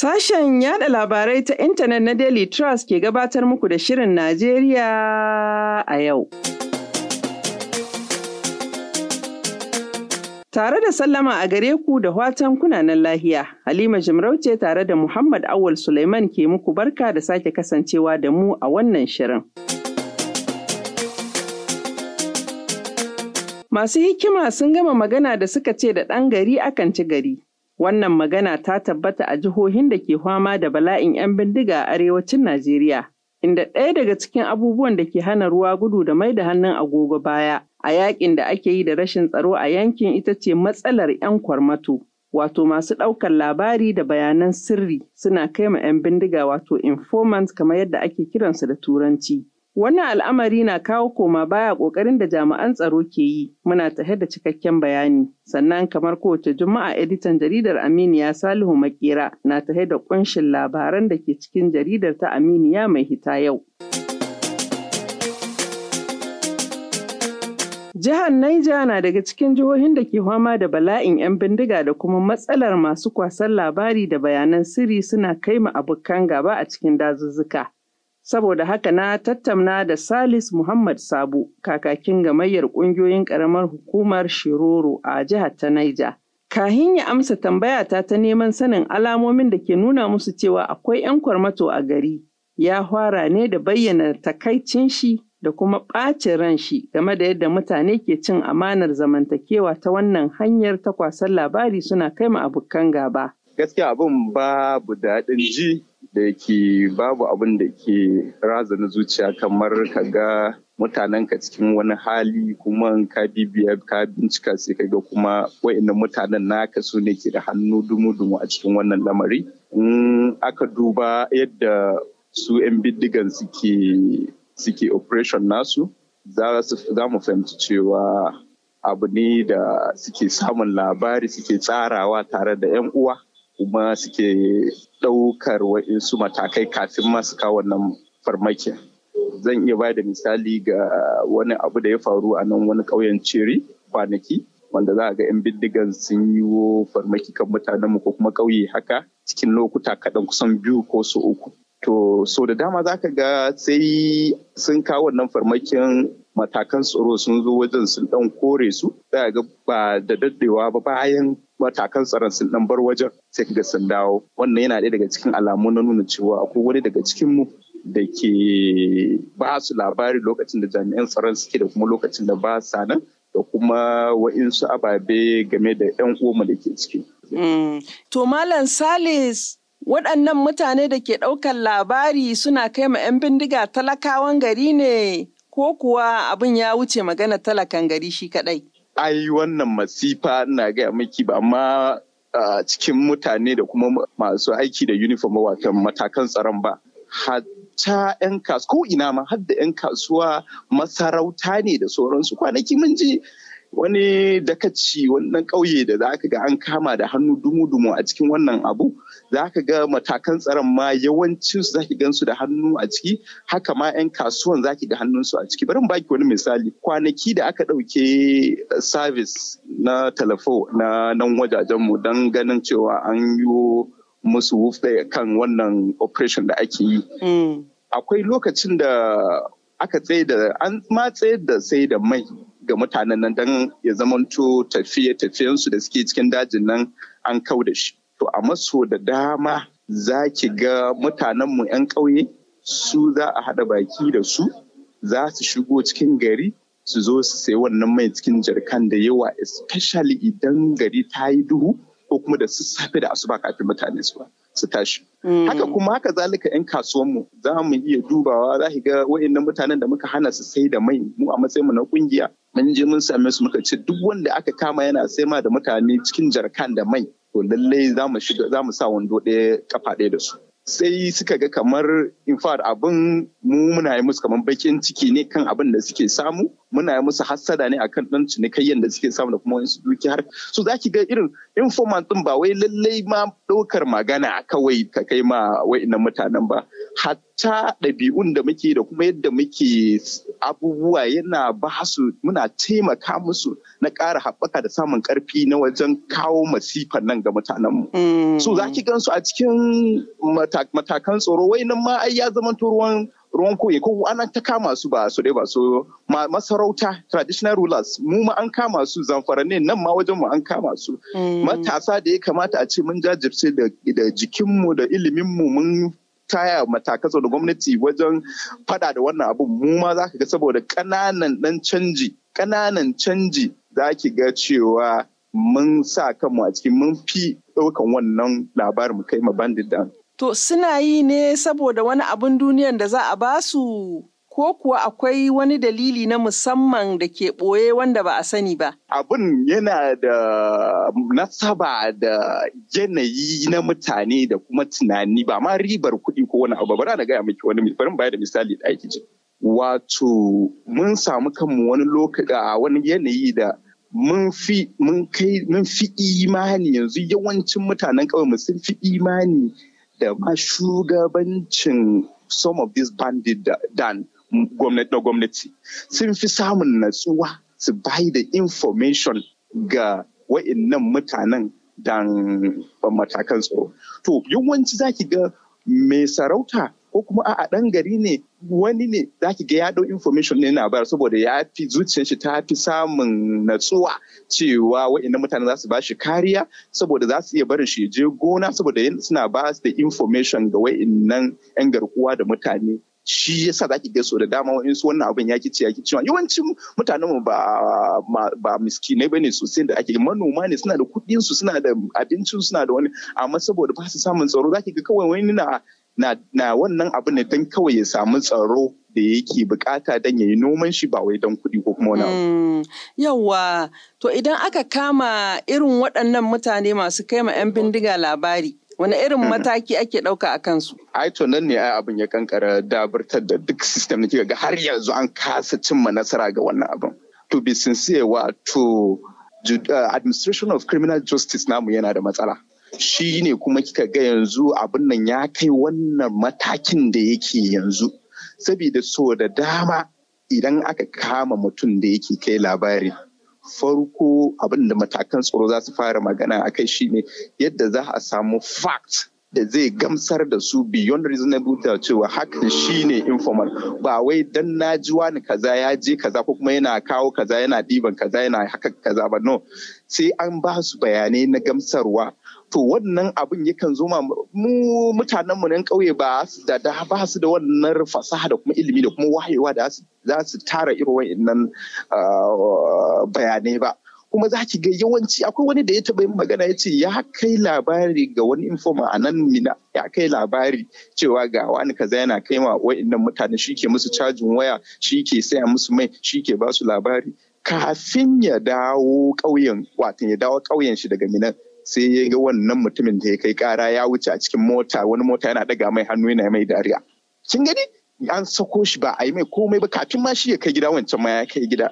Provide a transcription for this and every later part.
Sashen yada labarai ta intanet na Daily Trust ke gabatar muku da Shirin Najeriya a yau. Tare da sallama a gare ku da watan kunanan lahiya, Halima Jimarauce tare da Muhammad Awul Suleiman ke muku barka da sake kasancewa da mu a wannan shirin. Masu hikima sun gama magana da suka ce da ɗan gari akan ci gari. Wannan magana ta tabbata a jihohin da ke fama da bala'in 'yan bindiga a arewacin Najeriya, inda ɗaya daga cikin abubuwan da ke hana ruwa gudu da mai da hannun agogo baya a yaƙin da ake yi da rashin tsaro a yankin ita ce matsalar 'yan kwarmato. Wato masu ɗaukar labari da bayanan sirri suna kai ma 'yan bindiga wato informant kamar yadda ake kiransu da turanci. Wannan al'amari na kawo koma baya ƙoƙarin da jami'an tsaro ke yi, muna tahe da cikakken bayani. Sannan kamar kowace Juma'a editan jaridar Aminiya Salihu Maƙera na tahe da ƙunshin labaran da ke cikin jaridar ta Aminiya mai hita yau. Jihar Naija na daga cikin jihohin da ke fama da bala'in 'yan bindiga da kuma matsalar masu kwasan labari da bayanan sirri suna kai ma abokan gaba a cikin dazuzzuka. Saboda haka na tattauna da Salis Muhammad Sabu, kakakin gamayyar ƙungiyoyin ƙaramar hukumar Shiroro a jihar ta Naija. Kahin ya amsa tambayata ta neman sanin alamomin da ke nuna musu cewa akwai 'yan kwarmato a gari, ya fara ne da bayyana takaicin shi da kuma ɓacin ran shi game da yadda mutane ke cin amanar zamantakewa ta wannan hanyar ta kwasan labari suna kai ma abokan gaba. Gaskiya abin babu daɗin ji da ke babu abin da ke razana zuciya kamar ka ga mutanen ka cikin wani hali kuma ka bibiya ka bincika sai ka ga kuma wa'annan mutanen naka su ne ke da hannu dumu-dumu a cikin wannan lamari in aka duba yadda su 'yan bindigan suke suke operation nasu za mu fahimci cewa abu ne da suke samun labari suke tsarawa tare da 'yan uwa kuma suke ɗaukar wa'insu matakai kafin masu kawo wannan farmakin. Zan iya ba da misali ga wani abu da ya faru a nan wani ƙauyen Ceri kwanaki wanda za a ga 'yan bindigan sun yi farmaki kan mutanenmu ko kuma ƙauye haka cikin lokuta kaɗan kusan biyu ko su uku. To, so da dama za ka ga sai sun kawo wannan farmakin matakan tsaro sun zo wajen sun ɗan kore su, za ga ba da daddewa ba bayan matakan tsaron sun dan bar wajen sai kaga sun dawo wannan yana ɗaya daga cikin alamu na nuna cewa akwai wani daga cikin mu da ke ba su labari lokacin da jami'an tsaron suke da kuma lokacin da ba sa nan da kuma wa'insu ababe game da 'yan uwanmu da ke ciki. Mm. To Malam Salis waɗannan mutane da ke ɗaukar labari suna kai ma 'yan bindiga talakawan gari ne ko kuwa abin ya wuce magana talakan gari shi kaɗai? ai wannan masifa ina gaya miki ba amma cikin mutane da kuma masu aiki da uniform wato matakan tsaron ba hatta 'yan kasuwa ko ina ma har da 'yan kasuwa masarauta ne da sauransu kwanaki mun ji wani dakaci wannan kauye ƙauye da za ka ga an kama da hannu dumu-dumu a cikin wannan abu za ka ga matakan tsaron ma yawancin su za ki gansu da hannu a ciki haka ma 'yan kasuwan za ki ga hannunsu a ciki bari baki wani misali kwanaki da aka ɗauke eh, sabis na talafo na nan wajajenmu don ganin cewa an yi musu wufɗe kan wannan operation da ake yi mm. akwai lokacin da aka tsaye da an ma tsaye da sai da mai ga mutanen nan don ya zamanto tafiye-tafiyensu da suke cikin dajin nan an kau da shi. To a maso da dama za ki ga mu 'yan ƙauye su za a haɗa baki da su za su shigo cikin gari su zo su sayi wannan mai cikin jarkan da yawa especially idan gari ta yi duhu ko kuma da su safe da asuba kafin mutane su su tashi. Mm. Haka kuma haka zalika 'yan kasuwanmu za mu iya dubawa za ga wa'annan mutanen da muka hana su sai da mai mu a matsayin mu na kungiya mun je mun same su muka ce duk wanda aka kama yana sai ma da mutane cikin jarkan da mai to lallai za mu shiga za mu sa wando ɗaya kafa ɗaya da su sai suka ga kamar in fact abin mu muna yi musu kamar bakin ciki ne kan abin da suke samu muna yi musu hassada ne akan ɗan cinikayyan da suke samu da kuma su duki har so za ki ga irin informant ɗin ba wai lallai ma ɗaukar magana kawai ka kai ma wa'innan mutanen ba hatta ɗabi'un da muke da kuma yadda muke abubuwa yana ba su muna taimaka musu na ƙara haɓaka da samun ƙarfi na wajen kawo masifan nan ga mutanenmu. Mm. so za ki gansu a cikin matakan tsaro wai nan ma ai ya zama ruwan ruwan koye ko ana ta kama su ba su dai ba su masarauta traditional rulers mu ma an kama su zamfarane nan ma wajen mu an kama su mm. matasa da ya kamata a ce mun jajirce da jikinmu da ilimin mu mun taya matakasa da gwamnati wajen fada da wannan abun mu ma za ka ga saboda ƙananan ɗan canji ƙananan canji za ki ga cewa mun sa kanmu a cikin mun fi ɗaukan wannan labarin mu kai ma bandit To suna yi ne saboda wani abin duniyan da za a ba su, ko kuwa akwai wani dalili na musamman da ke ɓoye wanda ba a sani ba? Abin yana da nasaba da yanayi na mutane da kuma tunani ba ma ribar kuɗi ko wani abu ba na gaya miki wani bari bayar da misali da ake ji. Wato mun samu kanmu wani lokaci a wani yanayi da mun fi kai mun imani yanzu yawancin mutanen ƙauyenmu sun fi imani da ma shugabancin some of these bandit dan gwamnati da gwamnati sun fi samun natsuwa su bai da information ga nan mutanen dan matakan tsaro to yawanci zaki ga mai sarauta ko kuma a ɗan gari ne wani ne za ki ga ya ɗau information ne na bayar saboda ya fi zuciyar shi ta fi samun natsuwa cewa wa'annan mutane za su ba shi kariya saboda za su iya barin shi je gona saboda suna ba su da information ga wa'annan yan garkuwa da mutane shi yasa za ga so da dama wa'in su wannan abin ya ce ya cewa yawancin mutanen mu ba ba ne sosai da ake manoma ne suna da kuɗin su suna da abincin suna da wani amma saboda ba su samun tsaro za ki ga kawai wani na na, wannan abu ne don kawai ya samu tsaro da yake bukata don ya yi noman shi ba wai don kuɗi ko kuma wani abu. Mm. Yawwa, to idan aka kama irin waɗannan mutane masu kai ma 'yan bindiga labari, wani irin mm-hmm. mataki ake ɗauka a kansu? Ai to nan ne ai abin ya kankara dabartar da duk sistem da kika ga har yanzu an kasa cimma nasara ga wannan abin. To be sincere to uh, administration of criminal justice namu yana da matsala. shi ne kuma kika ga yanzu abin nan ya kai wannan matakin da yake yanzu saboda so da dama idan aka kama mutum da yake kai labari farko abin da matakan tsaro za su fara magana a kai shi ne, yadda za a samu fact da zai gamsar da su beyond reasonable da cewa hakan shi ne informal ba wai dan na ji wani kaza ya je kaza ko kuma yana kawo kaza yana ɗiban kaza yana haka kaza ba no sai an ba su bayanai na gamsarwa to wannan abin yakan zo mu mutanen mu nan ƙauye ba su da ba su da wannan fasaha da kuma ilimi da kuma wayewa da za su tara irin wannan ah, bayanai ba kuma za ki ga yawanci akwai wani da ya taɓa yin magana ya ce ya kai labari ga wani informa a nan mina ya kai labari cewa ga wani kaza yana kai ma wa'annan mutane shi ke musu cajin waya shi ke saya musu mai shi ke ba su labari kafin ya dawo ƙauyen watan ya dawo ƙauyen shi daga minan sai ya ga wannan mutumin da ya kai kara ya wuce a cikin mota wani mota yana daga mai hannu yana mai dariya kin gani an sako shi ba a yi mai komai ba kafin ma shi ya kai gida wancan ma ya kai gida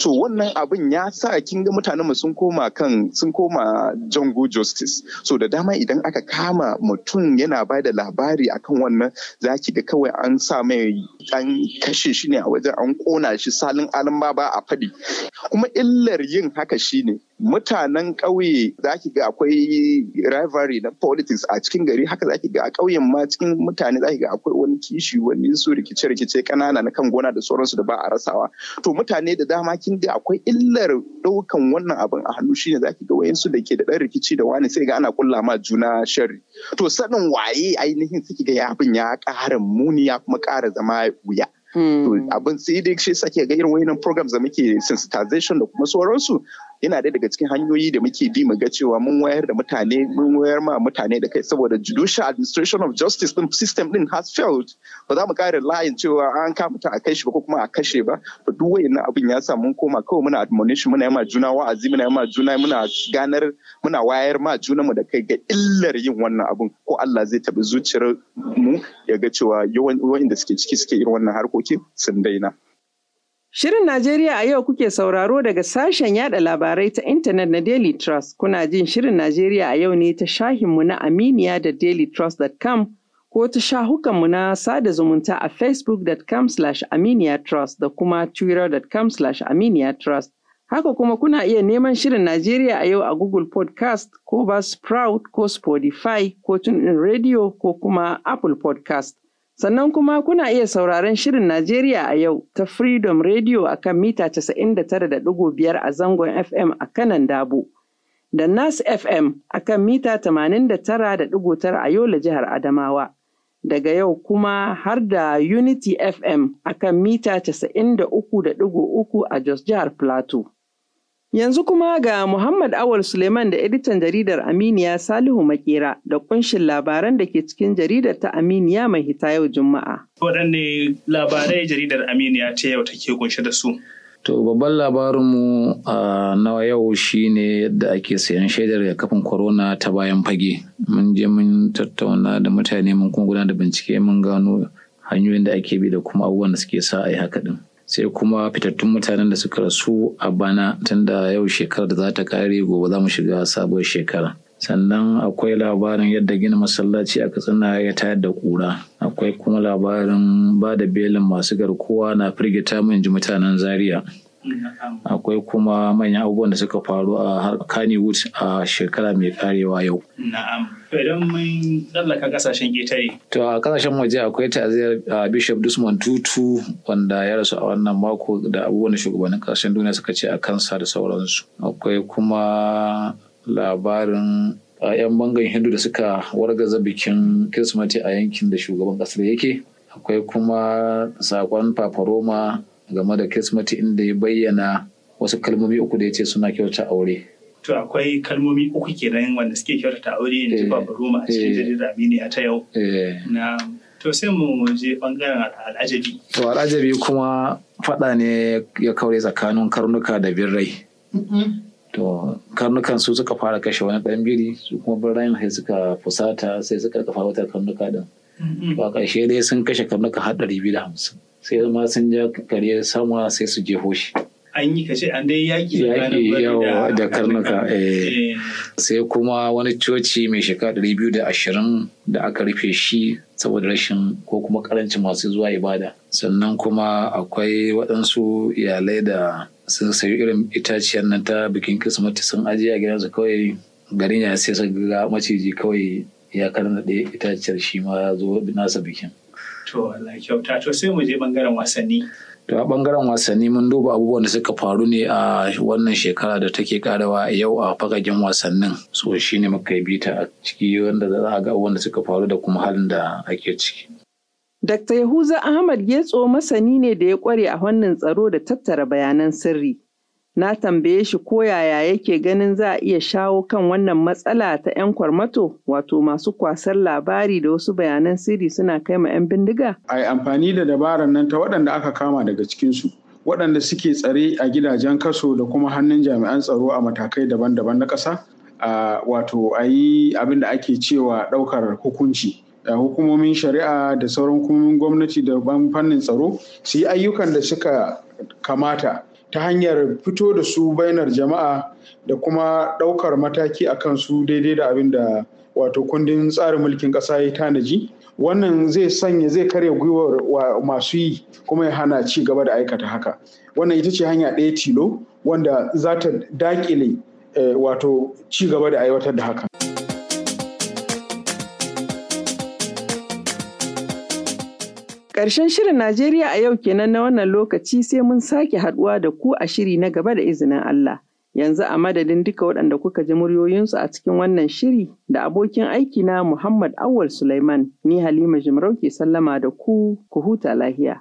to wannan abin ya sa kin ga mutanenmu sun koma kan sun koma jungle justice so da dama idan aka kama mutum yana ba da labari akan wannan za ki kawai an sa mai an kashe shi ne a wajen an kona shi salin alin ba a faɗi kuma illar yin haka shine mutanen ƙauye za ga akwai rivalry na politics a cikin gari haka za ga a ƙauyen ma cikin mutane za ga akwai kishi wani su rikice-rikice kanana na kan gona da sauransu da ba a rasawa to mutane da dama kin ga akwai illar ɗaukan wannan abin a hannu shine zaki ga wayansu da ke da ɗan rikici da wani sai ga ana kulla ma juna sharri to sanin waye ainihin suke ga abin ya ƙara muni ya kuma ƙara zama wuya hmm. abin sai dai shi sake ga irin wayannan programs da muke sensitization da kuma sauransu yana ɗaya daga cikin hanyoyi da muke bi mu ga cewa mun wayar da mutane mun wayar ma mutane da kai saboda judicial administration of justice din system din has failed ba za mu kare layin cewa an ka mutum a kai shi ba ko kuma a kashe ba to duk wayannan abin ya sa mun koma kawai muna admonition muna yama juna wa'azi muna yama juna muna ganar muna wayar ma juna mu da kai ga illar yin wannan abun ko Allah zai tabi zuciyar mu ya ga cewa yawan wa'inda suke ciki suke irin wannan harkokin sun daina Shirin Najeriya a yau kuke sauraro daga sashen yada labarai ta intanet na Daily Trust. Kuna jin Shirin Najeriya a yau ne ta shahinmu na Aminiya da dailytrust.com ko ta shahukanmu na sada zumunta a facebook.com slash aminiyatrust da kuma twitter.com slash aminiyatrust. Haka kuma kuna iya neman Shirin Najeriya a yau a Google Podcast ko ba Sprout ko Spotify ko TuneIn Radio ko kuma Apple Podcast. Sannan kuma kuna iya sauraron Shirin Najeriya a yau ta Freedom Radio a kan mita 99.5 a zangon FM a kanan Dabo, da Nas FM a kan mita 89.9 a Yola jihar Adamawa. Daga yau kuma har da Unity FM a kan mita 93.3 a Jos jihar Plateau. Yanzu kuma ga Muhammad Awal Suleiman da editan jaridar Aminiya Salihu Makera da kunshin labaran da ke cikin jaridar ta Aminiya mai hita yau Juma'a. Waɗanne labarai jaridar Aminiya ta yau take kunshe da su? To babban labarinmu na yau shi ne yadda ake sayan shaidar kafin korona ta bayan fage. Mun je mun tattauna da mutane mun kuma gudanar da bincike mun gano hanyoyin da ake bi da kuma abubuwan da suke sa a yi haka din. sai kuma fitattun mutanen da suka rasu a bana tunda yau shekarar da za ta kare gobe za mu shiga sabuwar shekara sannan akwai labarin yadda gina masallaci a katsina ya tayar da kura akwai kuma labarin ba da belin masu garkuwa na firgita mun ji mutanen zaria akwai kuma manyan abubuwan da suka faru a Kannywood a shekara mai karewa yau. Na'am, idan mun tsallaka kasashen ƙetare. To a kasashen waje akwai ta'aziyar uh, Bishop Desmond Tutu wanda ya rasu a wannan mako da abubuwan da shugabannin kasashen duniya suka ce a kansa da sauransu. Akwai kuma labarin yayan uh, 'yan bangan hindu da suka wargaza bikin Kirsimeti a yankin da shugaban ƙasar yake akwai kuma sakon paparoma game da Kirsimeti inda ya bayyana wasu kalmomi uku da ya ce suna kyauta aure. To akwai kalmomi uku ke nan wanda suke kyautata aure in ji eh, Baba Roma a eh. cikin jaridar Aminiya ta yau. Eh. Na to sai mu je bangaren al'ajabi. To al'ajabi kuma faɗa ne ya kaure tsakanin karnuka da birrai. To karnukan su suka fara kashe wani ɗan biri su kuma birrai sai suka fusata sai suka kafa wata karnuka din. To a ƙarshe dai sun kashe karnuka har ɗari biyu da hamsin. sai ma sun ja kare sama sai su jefo shi an yi kashe an dai yaƙi yaƙi yawa da karnuka eh. Eh. sai kuma wani coci mai shekara ɗari biyu da ashirin da aka rufe shi saboda rashin ko kuma karancin masu zuwa ibada sannan kuma akwai waɗansu iyalai da sun sayi irin itaciyar nan ta bikin kismati sun ajiye a gidansu kawai garin ya sai su ga maciji kawai ya karnaɗe itaciyar shi ma zo nasa bikin To to a bangaren wasanni mun duba abubuwan da suka faru ne a wannan shekara da take karawa yau a fagagen wasannin. So shi ne muka yi bita a ciki wanda za a ga abubuwan da suka faru da kuma halin da ake ciki. Dr. Yahuza Ahmad Getso masani ne da ya kware a wannan tsaro da tattara bayanan sirri. Na tambaye shi ko yaya yake ganin za a iya shawo kan wannan matsala ta 'yan kwarmato, wato masu kwasar labari da wasu bayanan sirri suna kai ma 'yan bindiga? A amfani da dabarar nan ta waɗanda aka kama daga cikinsu, waɗanda suke tsare a gidajen kaso da kuma hannun jami'an tsaro a matakai daban-daban na ƙasa, wato a yi abin da ake cewa ɗaukar hukunci. hukumomin shari'a da sauran hukumomin gwamnati da fannin tsaro su yi ayyukan da suka kamata ta hanyar fito da su bainar jama'a da kuma ɗaukar mataki a su daidai da abin da wato kundin tsarin mulkin ƙasa ya tanaji wannan zai sanya zai karya gwiwar masu yi kuma ya hana ci gaba da aikata haka wannan ita ce hanya ɗaya tilo wanda za ta daƙile eh, wato ci gaba da aiwatar da haka. Ƙarshen shirin Najeriya a yau kenan na wannan lokaci sai mun sake haɗuwa da ku a shiri na gaba da izinin Allah. Yanzu a madadin duka waɗanda kuka ji muryoyinsu a cikin wannan shiri da abokin aiki na Muhammad Awal Sulaiman ni Halima Jimarau ke sallama da ku ku huta lahiya.